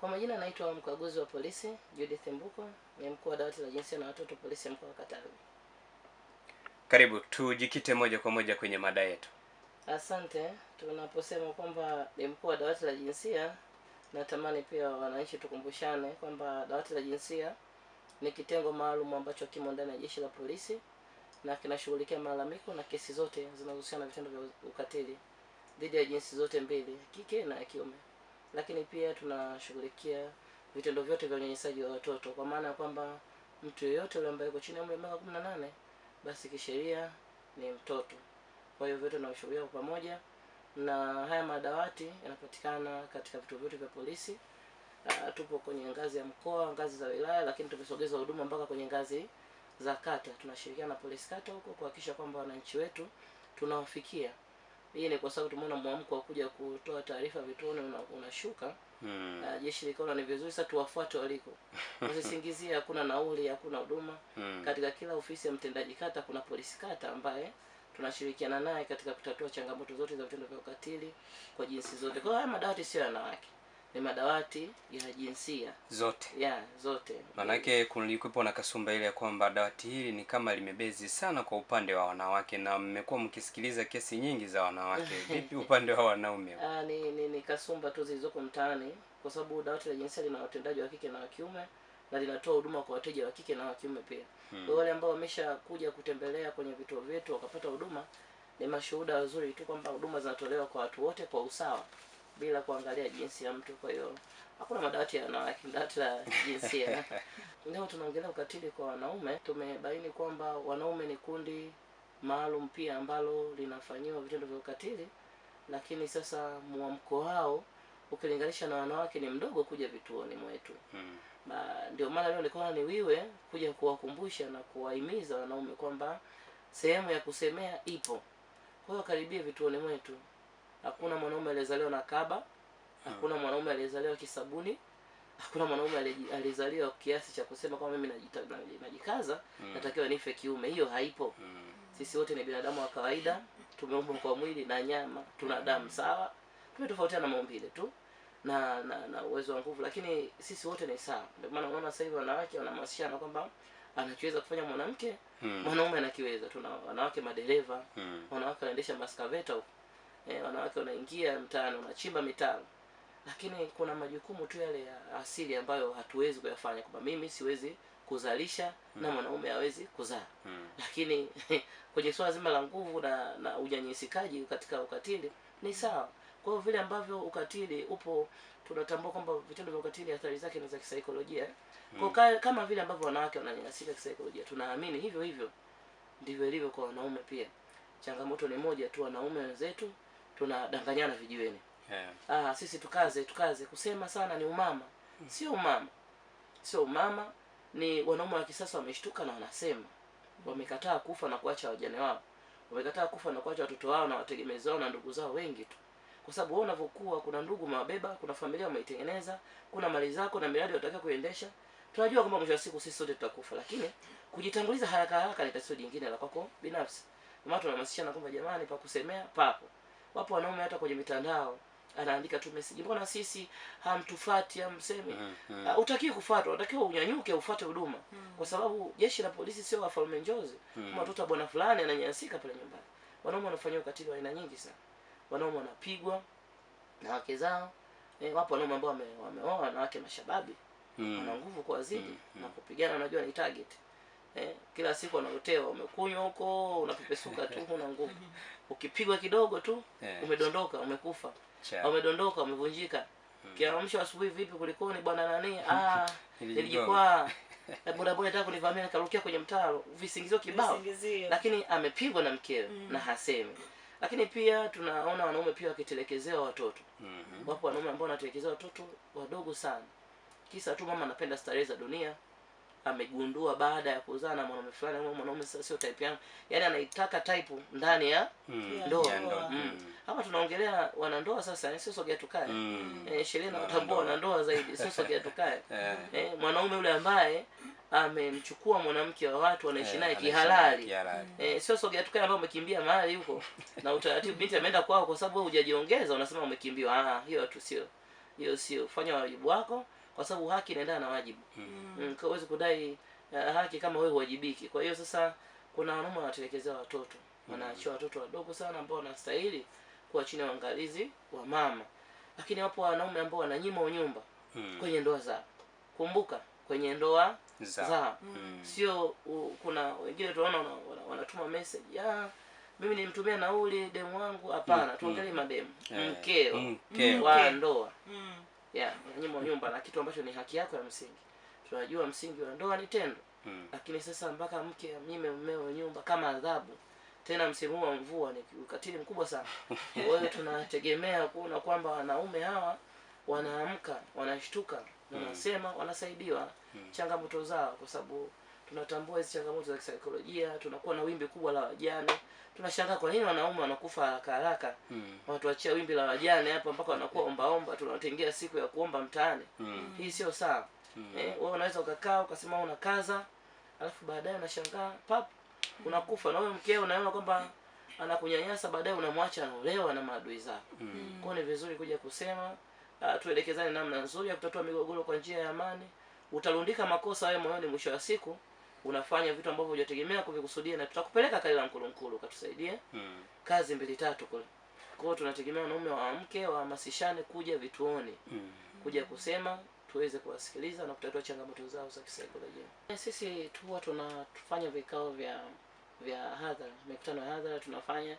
Kwa majina naitwa mkaguzi wa polisi Judith Mbuko, ni mkuu wa dawati la jinsia na watoto polisi ya mkoa wa Katavi. Karibu tujikite moja kwa moja kwenye mada yetu. Asante. Tunaposema kwamba ni mkuu wa dawati la jinsia, natamani pia wananchi tukumbushane kwamba dawati la jinsia ni kitengo maalum ambacho kimo ndani ya jeshi la polisi na kinashughulikia malalamiko na kesi zote zinazohusiana na vitendo vya ukatili dhidi ya jinsi zote mbili, kike na kiume lakini pia tunashughulikia vitendo vyote vya unyanyasaji wa watoto, kwa maana ya kwamba mtu yeyote yule ambaye yuko chini ya umri wa miaka kumi na nane basi kisheria ni mtoto. Kwa hiyo vyote tunavishughulikia kwa pamoja, na haya madawati yanapatikana katika vituo vyote vya polisi. Uh, tupo kwenye ngazi ya mkoa, ngazi za wilaya, lakini tumesogeza huduma mpaka kwenye ngazi za kata. Tunashirikiana na polisi kata huko kuhakikisha kwamba wananchi wetu tunawafikia. Hii ni kwa sababu tumeona mwamko wa kuja kutoa taarifa vituoni unashuka una Mm. Ah, jeshi likaona ni vizuri sasa tuwafuate waliko. Usisingizie hakuna nauli, hakuna huduma. Mm. Katika kila ofisi ya mtendaji kata kuna polisi kata ambaye tunashirikiana naye katika kutatua changamoto zote za vitendo vya ukatili kwa jinsi zote. Kwa hiyo haya madawati sio yanawake ni madawati ya jinsia zote ya zote maanake kulikuwepo na kasumba ile ya kwamba dawati hili ni kama limebezi sana kwa upande wa wanawake na mmekuwa mkisikiliza kesi nyingi za wanawake vipi upande wa wanaume ah, ni, ni, ni kasumba tu zilizoko mtaani kwa sababu dawati la jinsia lina watendaji wa kike na wa kiume na linatoa huduma kwa wateja wa kike na wa kiume pia hmm. wale ambao wameshakuja kutembelea kwenye vituo vyetu wakapata huduma ni mashuhuda wazuri tu kwamba huduma zinatolewa kwa watu wote kwa usawa bila kuangalia jinsi ya mtu. Kwa hiyo hakuna madawati ya wanawake, dawati la jinsia. Leo tunaongelea ukatili kwa wanaume. Tumebaini kwamba wanaume ni kundi maalum pia ambalo linafanyiwa vitendo vya ukatili, lakini sasa mwamko wao ukilinganisha na wanawake ni mdogo kuja vituoni mwetu. Hmm. Ndio maana leo nilikuwa wiwe kuja kuwakumbusha na kuwahimiza wanaume kwamba sehemu ya kusemea ipo, kwa hiyo karibia vituoni mwetu. Hakuna mwanaume aliyezaliwa na kaba, hakuna hmm. mwanaume aliyezaliwa kisabuni, hakuna mwanaume aliyezaliwa kiasi cha kusema kwamba mimi najikaza mm. natakiwa nife kiume. Hiyo haipo mm. Sisi wote ni binadamu wa kawaida, tumeumbwa kwa mwili na nyama, tuna hmm. damu sawa, tumetofautiana maumbile tu na na, na uwezo wa nguvu, lakini sisi wote ni sawa. Ndio maana unaona sasa hivi wanawake wanahamasishana kwamba anachoweza kufanya mwanamke hmm. mwanaume anakiweza. Tuna wanawake madereva hmm. wanawake wanaendesha maskaveta huko eh, wanawake wanaingia mtaani wanachimba mitaro, lakini kuna majukumu tu yale ya asili ambayo hatuwezi kuyafanya, kwamba mimi siwezi kuzalisha mm. na mwanaume hawezi kuzaa hmm. lakini kwenye swala zima la nguvu na, na unyanyisikaji katika ukatili ni sawa. Kwa hiyo vile ambavyo ukatili upo, tunatambua kwamba vitendo vya ukatili athari zake ni za kisaikolojia hmm. kwa mm. kama vile ambavyo wanawake wananyanyasika kisaikolojia, tunaamini hivyo hivyo ndivyo ilivyo kwa wanaume pia. Changamoto ni moja tu, wanaume wenzetu tunadanganyana vijiweni yeah. Ah, sisi tukaze tukaze kusema sana ni umama mm. sio umama sio umama ni wanaume wa kisasa wameshtuka na wanasema wamekataa kufa na kuacha wajane wao wamekataa kufa na kuacha watoto wao na wategemezi wao na ndugu zao wengi tu kwa sababu wao unavyokuwa kuna ndugu mawabeba kuna familia umeitengeneza kuna mali zako na miradi unataka kuendesha tunajua kwamba mwisho wa siku sisi sote tutakufa lakini kujitanguliza haraka haraka ni tatizo jingine la kwako binafsi maana tunahamasishana kwamba jamani pa kusemea papo Wapo wanaume hata kwenye mitandao anaandika tu message, mbona sisi hamtufati hamsemi? mm -hmm. Uh, ah, utakiwe kufuatwa, unatakiwa unyanyuke ufuate huduma mm -hmm. kwa sababu jeshi la polisi sio wafalme njozi. mm -hmm. Mtoto bwana fulani ananyanyasika pale nyumbani, wanaume wanafanywa ukatili wa aina nyingi sana. Wanaume wanapigwa na wake zao. Eh, wapo wanaume ambao wameoa wanawake mashababi, mm -hmm. nguvu kwa mm -hmm. na kupigana, unajua ni target eh, kila siku anaotewa, umekunywa huko unapepesuka tu, huna nguvu. Ukipigwa kidogo tu yeah. umedondoka, umekufa, umedondoka, umevunjika. Hmm. Kiamsho asubuhi, vipi, kulikoni bwana nani? Ah, nilijikwaa eh, bodaboda nataka kunivamia, nikarukia kwenye mtaro. Visingizio kibao, lakini amepigwa na mkewe mm. na hasemi lakini pia tunaona wanaume pia wakitelekezea watoto mm -hmm. Wapo wanaume ambao wanatelekezea watoto wadogo sana, kisa tu mama anapenda starehe za dunia amegundua baada ya kuzaa na mwanaume fulani au mwanaume sasa sio type yangu, Yaani anaitaka type ndani ya mm. ndoa yeah, ndoa. mm. Hapa hmm. tunaongelea wanandoa sasa, yaani sio sogea tukae. mm. E, sheria inawatambua wanandoa zaidi, sio sogea tukae. yeah. Eh, mwanaume yule ambaye amemchukua mwanamke wa watu anaishi eh, naye yeah, kihalali eh, sio sogea tukae ambao umekimbia mahali huko na utaratibu. Binti ameenda kwao kwa sababu hujajiongeza, unasema umekimbiwa. Ah, hiyo tu sio hiyo, sio fanya wajibu wako kwa sababu haki inaendana na wajibu hmm. mm. Mm, huwezi kudai uh, haki kama wewe huwajibiki. Kwa hiyo sasa kuna wanaume wanatelekezea watoto mm. wanaachia watoto wadogo sana ambao wanastahili kuwa chini ya uangalizi wa mama, lakini wapo wanaume ambao wananyima unyumba mm. kwenye ndoa za Kumbuka kwenye ndoa za mm. sio uh, kuna wengine tunaona wanatuma wana, wana message ya mimi nilimtumia nauli demu wangu. Hapana, mm. tuangalie mademu yeah. Hmm. mkeo, mm, wa ndoa mm yeah, unanyimwa nyumba na kitu ambacho ni haki yako ya msingi. Tunajua msingi wa ndoa ni tendo mm. Lakini sasa mpaka mke amnyime mmeo nyumba kama adhabu, tena msimu wa mvua, ni ukatili mkubwa sana. hiyo tunategemea kuona kwamba wanaume hawa wanaamka, wanashtuka, mm. wanasema, wanasaidiwa mm. changamoto zao kwa sababu tunatambua hizi changamoto za kisaikolojia, tunakuwa na wimbi kubwa la wajane. Tunashangaa kwa nini wanaume wanakufa haraka haraka mm. wanatuachia wimbi la wajane hapa mpaka wanakuwa hmm. ombaomba, tunatengea siku ya kuomba mtaani mm. hii sio sawa mm. Eh, wewe unaweza ukakaa ukasema una kaza, alafu baadaye unashangaa pap unakufa na wewe mkeo, unaona kwamba anakunyanyasa, baadaye unamwacha anaolewa na maadui zako mm. Kwa ni vizuri kuja kusema uh, tuelekezane namna nzuri ya kutatua migogoro kwa njia ya amani. utarundika makosa wewe moyoni, mwisho wa siku unafanya vitu ambavyo hujategemea kuvikusudia, na tutakupeleka la mkulunkulu ukatusaidie mm. kazi mbili tatu Kwa hiyo tunategemea wanaume waamke, wahamasishane kuja vituoni mm. kuja kusema tuweze kuwasikiliza na kutatua changamoto zao za kisaikolojia. Sisi huwa tunafanya vikao vya vya hadhara, mikutano ya hadhara tunafanya,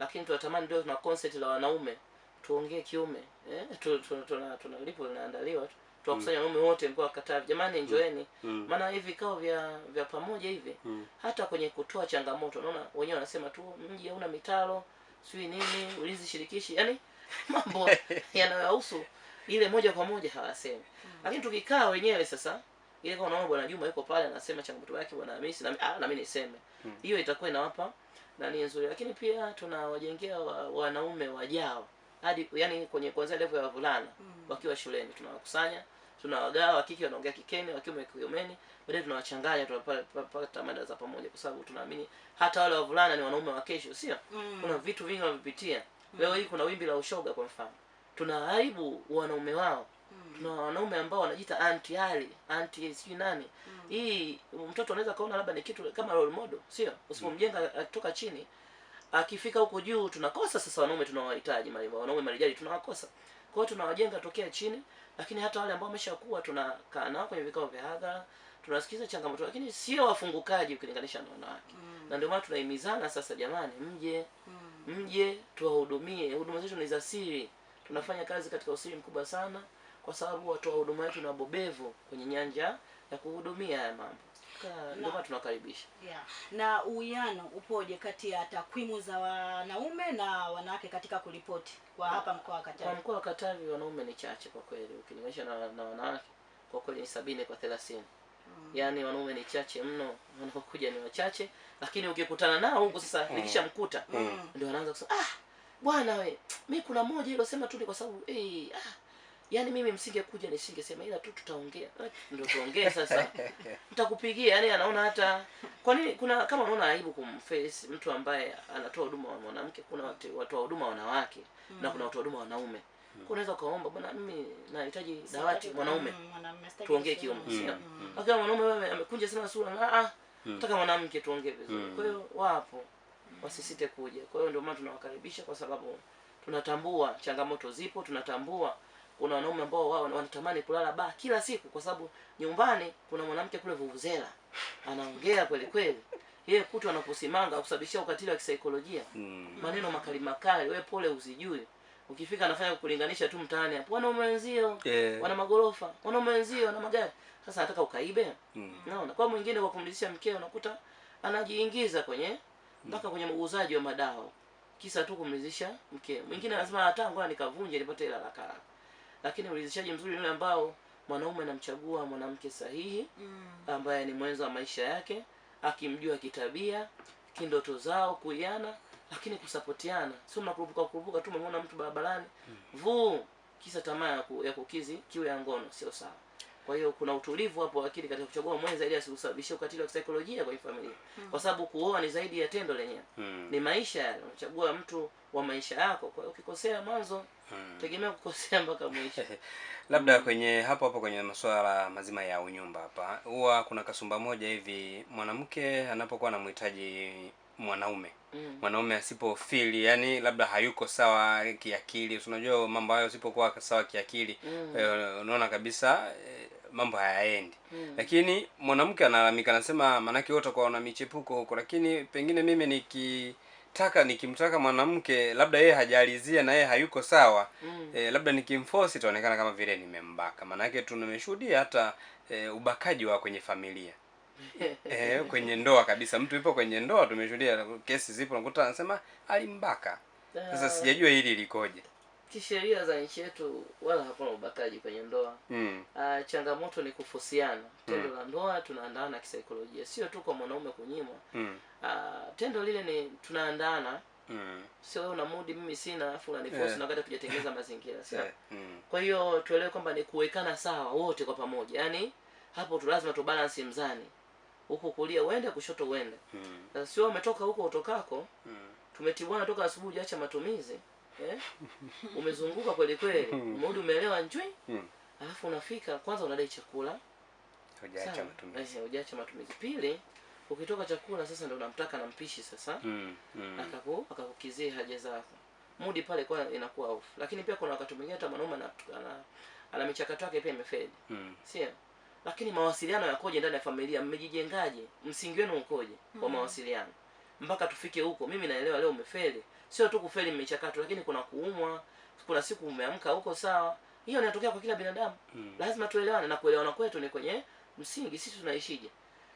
lakini tunatamani ndio tuna concert la wanaume tuongee kiume eh, tunalipo tu, tu, tu, linaandaliwa tu tuwakusanya mm. wanaume wote walikuwa wakataa jamani mm. njoeni mm. maana hivi vikao vya vya pamoja hivi mm. hata kwenye kutoa changamoto unaona wenyewe wanasema tu mji hauna mitaro sijui nini ulizi shirikishi yani mambo yanayohusu ile moja kwa moja hawasemi mm. lakini tukikaa wenyewe sasa ile kama unaona bwana Juma yuko pale anasema changamoto yake bwana Hamisi na ah, na mimi niseme mm. hiyo mm. itakuwa inawapa nani nzuri lakini pia tunawajengea wa, wanaume wajao hadi yani kwenye kuanzia level ya wavulana mm. wakiwa shuleni tunawakusanya tunawagawa wakike wanaongea kikeni wakiume kiumeni baadaye tunawachanganya tunapata mada za pamoja kwa sababu tunaamini hata wale wavulana ni wanaume wa kesho sio mm. kuna vitu vingi wamepitia mm. leo hii kuna wimbi la ushoga kwa mfano tunaharibu wanaume wao mm. tuna wanaume ambao wanajiita anti ali anti sijui nani mm. hii mtoto anaweza kaona labda ni kitu kama role model sio usipomjenga mm. toka chini akifika huko juu tunakosa sasa wanaume tunawahitaji wanaume marijali tunawakosa kwa hiyo tunawajenga tokea chini lakini hata wale ambao wameshakuwa tunakaa nao kwenye vikao vya hadhara tunasikiza changamoto lakini sio wafungukaji ukilinganisha na wanawake mm. na ndio maana tunahimizana sasa jamani mje mm. mje tuwahudumie huduma zetu ni za siri tunafanya kazi katika usiri mkubwa sana kwa sababu watoa huduma wetu ni wabobevu kwenye nyanja ya kuhudumia haya mambo ndio maana tunakaribisha yeah. na uwiano upoje kati ya takwimu za wanaume na wanawake katika kuripoti kwa na, hapa mkoa wa Katavi? Kwa mkoa wa Katavi wanaume ni chache kwa kweli, ukilinganisha na, na wanawake kwa kweli ni sabini kwa thelathini. Mm. Yaani wanaume ni chache mno, wanaokuja ni wachache, lakini ukikutana nao huko sasa mm. mkuta mm. ndio wanaanza kusema ah, bwana we, mimi kuna moja ilosema sema kwa sababu eh hey, ah Yaani mimi msingekuja nisingesema, ila tu tutaongea, ndio tuongee sasa, nitakupigia. Yani anaona hata kwa nini, kuna kama unaona aibu kumface mtu ambaye anatoa huduma wa mwanamke. Kuna watu watoa huduma wanawake mm. na kuna watu huduma wanaume mm. unaweza kaomba bwana, mimi nahitaji dawati mwanaume, mm, tuongee kiume, sio mm. akiwa mwanaume wewe amekunja sana sura, ah mm. nataka mwanamke tuongee vizuri. Kwa hiyo wapo wasisite kuja. Kwa hiyo ndio maana tunawakaribisha kwa sababu tunatambua changamoto zipo, tunatambua kuna wanaume ambao wao wanatamani kulala baa kila siku, kwa sababu nyumbani kuna mwanamke kule vuvuzela anaongea kweli kweli, yeye kutu anakusimanga akusababishia ukatili wa kisaikolojia mm. maneno makali makali, wewe pole uzijui ukifika anafanya kulinganisha tu mtaani hapo, wana mwenzio yeah. wana magorofa, wana mwenzio wana magari. Sasa nataka ukaibe mm. naona kwa mwingine, kwa kumlisha mkeo, unakuta anajiingiza kwenye hmm. mpaka mm. kwenye uuzaji wa madawa, kisa tu kumlisha mkeo. Mwingine anasema hata ngoja nikavunje nipate hela la karaka lakini uridhishaji mzuri yule ambao mwanaume anamchagua mwanamke sahihi mm. ambaye ni mwenzo wa maisha yake akimjua kitabia kindoto zao kuiana lakini kusapotiana sio mnakurupuka kurupuka tu mmeona mtu barabarani mm. vuu kisa tamaa ya kukizi kiwe ya ngono sio sawa kwa hiyo kuna utulivu hapo akili katika kuchagua mwenza ili asikusababishie ukatili wa kisaikolojia kwenye familia. Hmm. Kwa sababu kuoa ni zaidi ya tendo lenyewe. hmm. Ni maisha yale. Unachagua mtu wa maisha yako. Kwa hiyo ukikosea mwanzo, hmm. tegemea kukosea mpaka mwisho. Labda mm. kwenye hapo hapo kwenye masuala mazima ya unyumba hapa. Huwa kuna kasumba moja hivi mwanamke anapokuwa anamhitaji mwanaume mm. mwanaume asipofili, yani labda hayuko sawa kiakili. Unajua mambo hayo, usipokuwa sawa kiakili mm. unaona kabisa eh, mambo hayaendi mm. Lakini mwanamke analalamika, anasema maanake wote na michepuko huko, lakini pengine mimi nikitaka nikimtaka mwanamke labda yeye hajalizia na yeye hayuko sawa mm. eh, labda nikimforce itaonekana kama vile nimembaka. maanake tunameshuhudia tumeshuhudia hata eh, ubakaji wa kwenye familia eh, kwenye ndoa kabisa. Mtu yupo kwenye ndoa, tumeshuhudia kesi zipo, nakuta anasema alimbaka. Sasa ah. sijajua hili likoje kisheria za nchi yetu wala hakuna ubakaji kwenye ndoa mm. Uh, changamoto ni kufusiana mm. tendo mm. la ndoa tunaandaana kisaikolojia, sio tu kwa mwanaume kunyimwa mm. Uh, tendo lile ni tunaandaana mm. Sio wewe una mudi, mimi sina afu na fulani yeah. na wakati tujatengeneza mazingira sio yeah. mm. Kwa hiyo tuelewe kwamba ni kuwekana sawa wote kwa pamoja, yani hapo tu lazima tu balance mzani, huko kulia uende, kushoto uende mm. Sasa sio umetoka huko utokako mm. Tumetibwana toka asubuhi, acha matumizi mm eh? umezunguka kweli kweli, umerudi hmm. umeelewa njui, hmm. alafu unafika kwanza unadai chakula hujaacha eh, matumizi, Pili, ukitoka chakula sasa ndo unamtaka na mpishi sasa mm, mm. akaku haja zako, mudi pale kwa inakuwa off. Lakini pia kuna wakati mwingine hata mwanaume ana, ana, ana michakato yake pia imefeli mm. sio lakini mawasiliano yakoje ndani ya familia? Mmejijengaje? msingi wenu ukoje kwa hmm. mawasiliano? mpaka tufike huko. Mimi naelewa leo umefeli, sio tu kufeli michakato, lakini kuna kuumwa, kuna siku umeamka huko, sawa. Hiyo inatokea kwa kila binadamu mm. Lazima tuelewane, na kuelewana kwetu ni kwenye msingi, sisi tunaishije.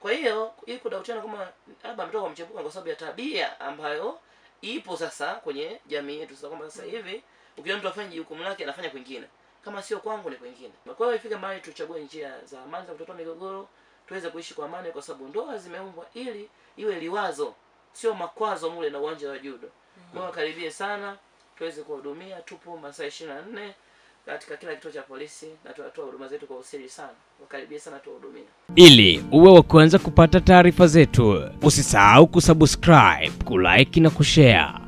Kwa hiyo ili kudautiana kama labda ametoka kwa kwa sababu ya tabia ambayo ipo sasa kwenye jamii yetu sasa, kwamba sasa hivi ukiona mtu afanye jukumu lake anafanya kwingine, kama sio kwangu ni kwingine. Kwa hiyo ifike mahali tuchague njia za amani za kutatua migogoro, tuweze kuishi kwa amani, kwa sababu ndoa zimeumbwa ili iwe liwazo sio makwazo mule na uwanja wa judo mm -hmm. Kwa wakaribie mm-hmm. sana tuweze kuhudumia, Tupo masaa ishirini na nne katika kila kituo cha polisi na tunatoa huduma zetu kwa usiri sana. Wakaribie sana tuwahudumia. Ili uwe wa kwanza kupata taarifa zetu, usisahau kusubscribe, kulike na kushare.